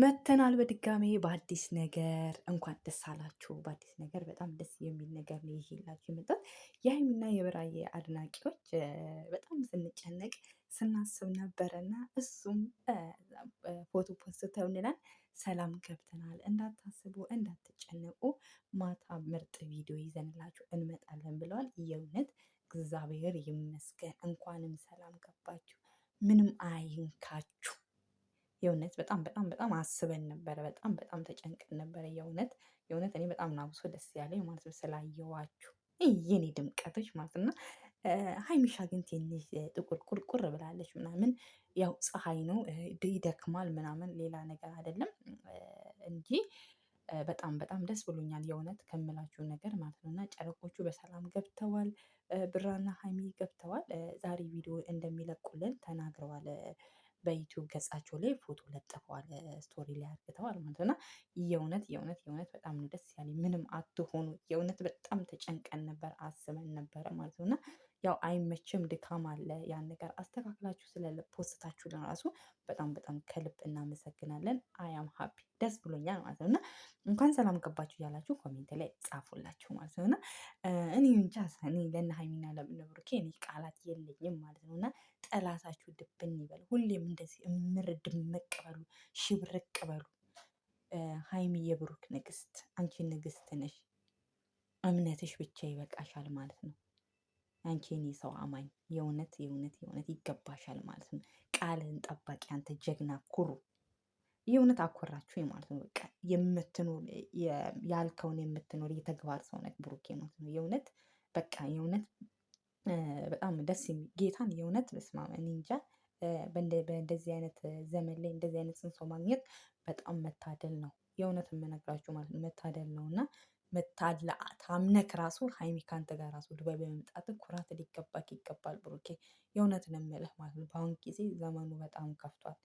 መተናል በድጋሜ በአዲስ ነገር እንኳን ደስ አላችሁ። በአዲስ ነገር በጣም ደስ የሚል ነገር ነው ይዤላችሁ የመጣሁት። የሀይሚና የብሩኬ አድናቂዎች በጣም ስንጨነቅ ስናስብ ነበረና እሱም ፎቶ ፖስተውልናል። ሰላም ገብተናል፣ እንዳታስቡ እንዳትጨነቁ፣ ማታ ምርጥ ቪዲዮ ይዘንላችሁ እንመጣለን ብለዋል። የእውነት እግዚአብሔር ይመስገን። እንኳንም ሰላም ገባችሁ። ምንም አይንካችሁ የእውነት በጣም በጣም በጣም አስበን ነበረ። በጣም በጣም ተጨንቀን ነበረ። የእውነት የእውነት እኔ በጣም ናብሶ ደስ ያለኝ ማለት ነው ስላየዋችሁ የኔ ድምቀቶች ማለት ነው ሀይሚሻ ግን ትንሽ ጥቁር ቁርቁር ብላለች ምናምን ያው ፀሐይ ነው ይደክማል ምናምን ሌላ ነገር አይደለም እንጂ በጣም በጣም ደስ ብሎኛል የእውነት ከምላችሁ ነገር ማለት ነው። እና ጨረቆቹ በሰላም ገብተዋል፣ ብራና ሀይሚ ገብተዋል። ዛሬ ቪዲዮ እንደሚለቁልን ተናግረዋል። በዩቲዩብ ገጻቸው ላይ ፎቶ ለጥፈዋል፣ ስቶሪ ላይ አርግተዋል ማለት ነው። እና የእውነት የእውነት የእውነት በጣም ነው ደስ ያለኝ። ምንም አትሆኑ። የእውነት በጣም ተጨንቀን ነበር፣ አስበን ነበረ ማለት ነው። እና ያው አይመችም፣ ድካም አለ። ያን ነገር አስተካክላችሁ ስለ ፖስታችሁ ለራሱ በጣም በጣም ከልብ እናመሰግናለን። አያም ሀፒ ደስ ብሎኛል ማለት ነው እና እንኳን ሰላም ገባችሁ እያላችሁ ኮሜንት ላይ ጻፉላችሁ ማለት ነው እና እኔ እንጃ እኔ ለእነ ሀይሚና ለብሩኬ እኔ ቃላት የለኝም ማለት ነው እና ጠላታችሁ ድብን ይበል። ሁሌም እንደዚህ እምር ድምቅ በሉ፣ ሽብርቅ በሉ። ሀይሚ የብሩክ ንግስት፣ አንቺ ንግስት ነሽ። እምነትሽ ብቻ ይበቃሻል ማለት ነው። አንቺ እኔ ሰው አማኝ የእውነት የእውነት የእውነት ይገባሻል ማለት ነው። ቃልህን ጠባቂ አንተ ጀግና ኩሩ። የእውነት አኮራችሁ ማለት ነው። በቃ የምትኖር ያልከውን የምትኖር የተግባር ሰውነት ብሩኬ ማለት ነው። የእውነት በቃ የእውነት በጣም ደስ የሚል ጌታን የእውነት በስመ አብ እኔ እንጃ በእንደዚህ አይነት ዘመን ላይ እንደዚህ አይነት ጽንስ ማግኘት በጣም መታደል ነው። የእውነት የምነግራችሁ ማለት ነው መታደል ነው እና መታደል ታምነክ ራሱ ሀይሚ ካንተ ጋር ራሱ ዱባይ በመምጣት ኩራት ሊገባክ ይገባል ብሩኬ። የእውነት ነው የምልህ ማለት ነው። በአሁን ጊዜ ዘመኑ በጣም ከፍቷል።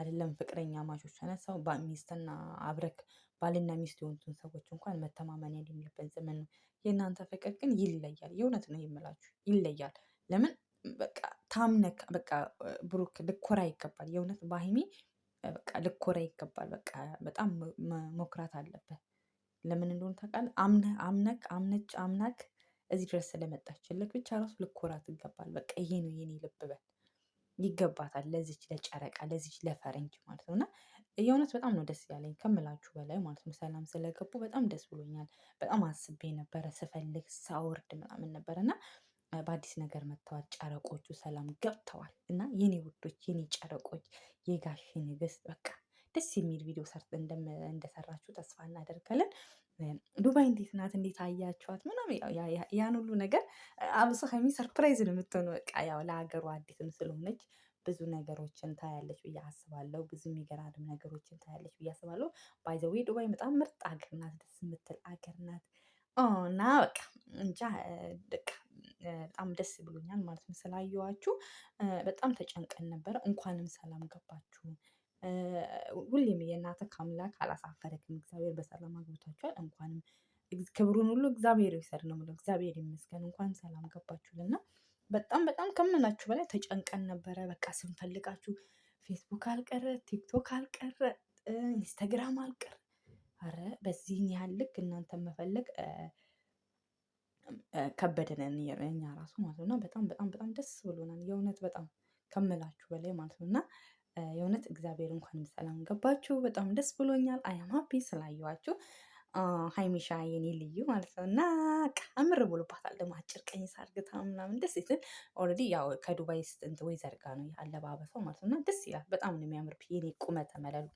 አይደለም ፍቅረኛ ማቾች ተነሳው ሚስትና አብረክ ባልና ሚስት የሆኑትን ሰዎች እንኳን መተማመን የሌለበት ዘመን ነው። የእናንተ ፍቅር ግን ይለያል። የእውነት ነው የምላችሁ ይለያል። ለምን በቃ ታምነክ በቃ ብሩክ ልኮራ ይገባል። የእውነት በሀይሚ በቃ ልኮራ ይገባል። በቃ በጣም መኩራት አለበት። ለምን እንደሆነ ታውቃለህ? አምነክ አምነች አምናክ እዚህ ድረስ ስለመጣችልክ ብቻ ራሱ ልኮራት ይገባል። በቃ ይሄ ነው የኔ ልብ በል ይገባታል። ለዚች ለጨረቃ ለዚች ለፈረንጅ ማለት ነው። እና የእውነት በጣም ነው ደስ ያለኝ ከምላችሁ በላይ ማለት ነው። ሰላም ስለገቡ በጣም ደስ ብሎኛል። በጣም አስቤ ነበረ ስፈልግ ሳወርድ ምናምን ነበር እና በአዲስ ነገር መጥተዋል። ጨረቆቹ ሰላም ገብተዋል እና የኔ ውዶች፣ የኔ ጨረቆች፣ የጋሽ ንግስት በቃ ደስ የሚል ቪዲዮ ሰርት እንደሰራችሁ ተስፋ እናደርጋለን። ዱባይ እንዴት ናት? እንዴት አያችኋት? ምናምን ያን ሁሉ ነገር አብሶ ሀይሚ ሰርፕራይዝ ነው የምትሆነው። በቃ ያው ለሀገሯ አዲስም ስለሆነች ብዙ ነገሮችን ታያለች ብዬ አስባለሁ። ብዙ የሚገራርም ነገሮችን ታያለች ብዬ አስባለሁ። ባይዘዌ ዱባይ በጣም ምርጥ አገር ናት፣ ደስ የምትል አገር ናት እና በቃ እንጃ በቃ በጣም ደስ ብሎኛል ማለት ነው ስላየኋችሁ። በጣም ተጨንቀን ነበረ። እንኳንም ሰላም ገባችሁ። ሁሌም የእናትህ አምላክ አላሳፈረክም። እግዚአብሔር በሰላም አግብቷችኋል። እንኳንም ክብሩን ሁሉ እግዚአብሔር ይውሰድ ነው የምለው። እግዚአብሔር ይመስገን። እንኳን ሰላም ገባችሁልና በጣም በጣም ከምናችሁ በላይ ተጨንቀን ነበረ። በቃ ስንፈልጋችሁ ፌስቡክ አልቀረ፣ ቲክቶክ አልቀረ፣ ኢንስታግራም አልቀረ። አረ በዚህን ያህል ልክ እናንተ መፈለግ ከበደን እኛ ራሱ ማለት ነው። እና በጣም በጣም በጣም ደስ ብሎናል የእውነት በጣም ከምላችሁ በላይ ማለት ነው እና የእውነት እግዚአብሔር እንኳንም ሰላም ገባችሁ። በጣም ደስ ብሎኛል። አያም ሀፒ ስላየኋችሁ ሀይሚሻ የኔ ልዩ ማለት ነው እና ቀምር ብሎባታል። ደግሞ አጭር ቀኝ ሳርግታ ምናምን ደስ ይስል። ኦልሬዲ ያው ከዱባይ ስጥንት ወይ ዘርጋ ነው አለባበሰው ማለት ነው እና ደስ ይላል። በጣም ነው የሚያምር የኔ ቁመተ መለሉ